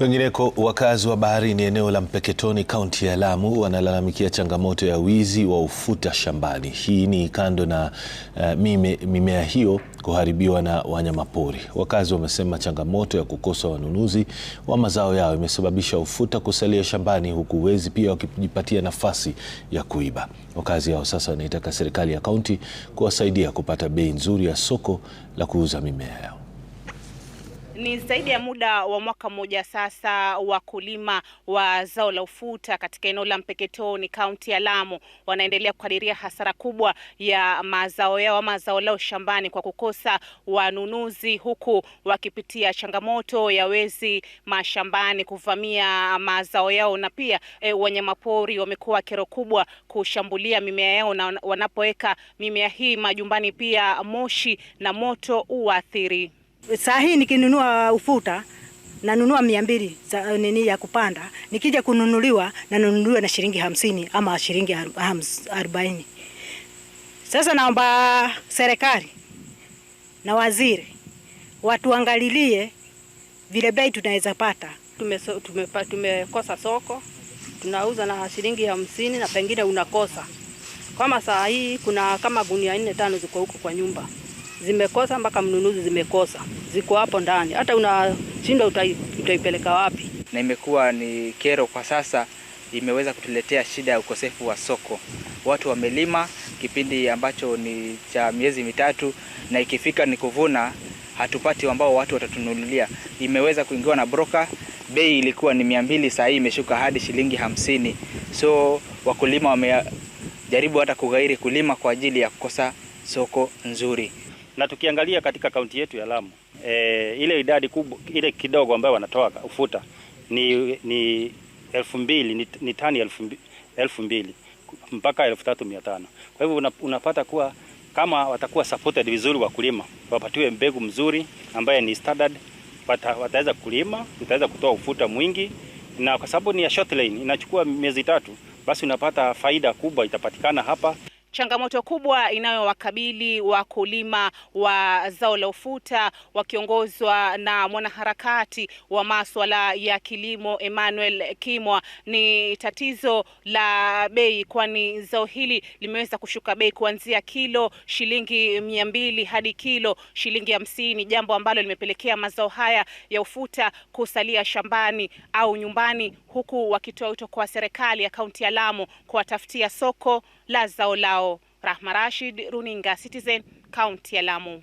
Kwengineko, wakazi wa baharini eneo la Mpeketoni kaunti ya Lamu wanalalamikia changamoto ya wizi wa ufuta shambani. Hii ni kando na uh, mime, mimea hiyo kuharibiwa na wanyamapori. Wakazi wamesema changamoto ya kukosa wanunuzi wa mazao yao imesababisha ufuta kusalia shambani, huku wezi pia wakijipatia nafasi ya kuiba. Wakazi hao sasa wanaitaka serikali ya kaunti kuwasaidia kupata bei nzuri ya soko la kuuza mimea yao. Ni zaidi ya muda wa mwaka mmoja sasa wakulima wa zao la ufuta katika eneo la Mpeketoni, kaunti ya Lamu, wanaendelea kukadiria hasara kubwa ya mazao yao ama zao lao shambani kwa kukosa wanunuzi, huku wakipitia changamoto ya wezi mashambani kuvamia mazao yao, na pia e, wanyamapori wamekuwa kero kubwa kushambulia mimea yao, na wanapoweka mimea hii majumbani, pia moshi na moto uathiri Saa hii nikinunua ufuta nanunua mia mbili eh, nini ya kupanda, nikija kununuliwa nanunuliwa na shilingi hamsini ama shilingi arobaini. Sasa naomba serikali na waziri watuangalilie vile bei tunaweza pata. Tumekosa tume, tume soko tunauza na shilingi hamsini na pengine unakosa kama saa hii kuna kama gunia nne tano ziko huko kwa nyumba zimekosa mpaka mnunuzi, zimekosa ziko hapo ndani, hata unashindwa utaipeleka wapi. Na imekuwa ni kero kwa sasa, imeweza kutuletea shida ya ukosefu wa soko. Watu wamelima kipindi ambacho ni cha miezi mitatu, na ikifika ni kuvuna hatupati ambao watu watatununulia. Imeweza kuingiwa na broka, bei ilikuwa ni mia mbili, saa hii imeshuka hadi shilingi hamsini. So wakulima wamejaribu hata kughairi kulima kwa ajili ya kukosa soko nzuri na tukiangalia katika kaunti yetu ya Lamu e, ile idadi kubwa ile kidogo ambayo wanatoa ufuta ni ni elfu mbili ni, ni tani elfu mbili, elfu mbili mpaka elfu tatu mia tano. Kwa hivyo unapata kuwa kama watakuwa supported vizuri wakulima wapatiwe mbegu mzuri ambaye ni standard, wata, wataweza kulima, utaweza kutoa ufuta mwingi, na kwa sababu ni ya short line inachukua miezi tatu, basi unapata faida kubwa itapatikana hapa. Changamoto kubwa inayowakabili wakulima wa zao la ufuta wakiongozwa na mwanaharakati wa maswala ya kilimo Emmanuel Kimwa ni tatizo la bei, kwani zao hili limeweza kushuka bei kuanzia kilo shilingi mia mbili hadi kilo shilingi hamsini, jambo ambalo limepelekea mazao haya ya ufuta kusalia shambani au nyumbani, huku wakitoa wito kwa serikali ya kaunti ya Lamu kuwatafutia soko la zao lao. Rahma Rashid, runinga Citizen, kaunti ya Lamu.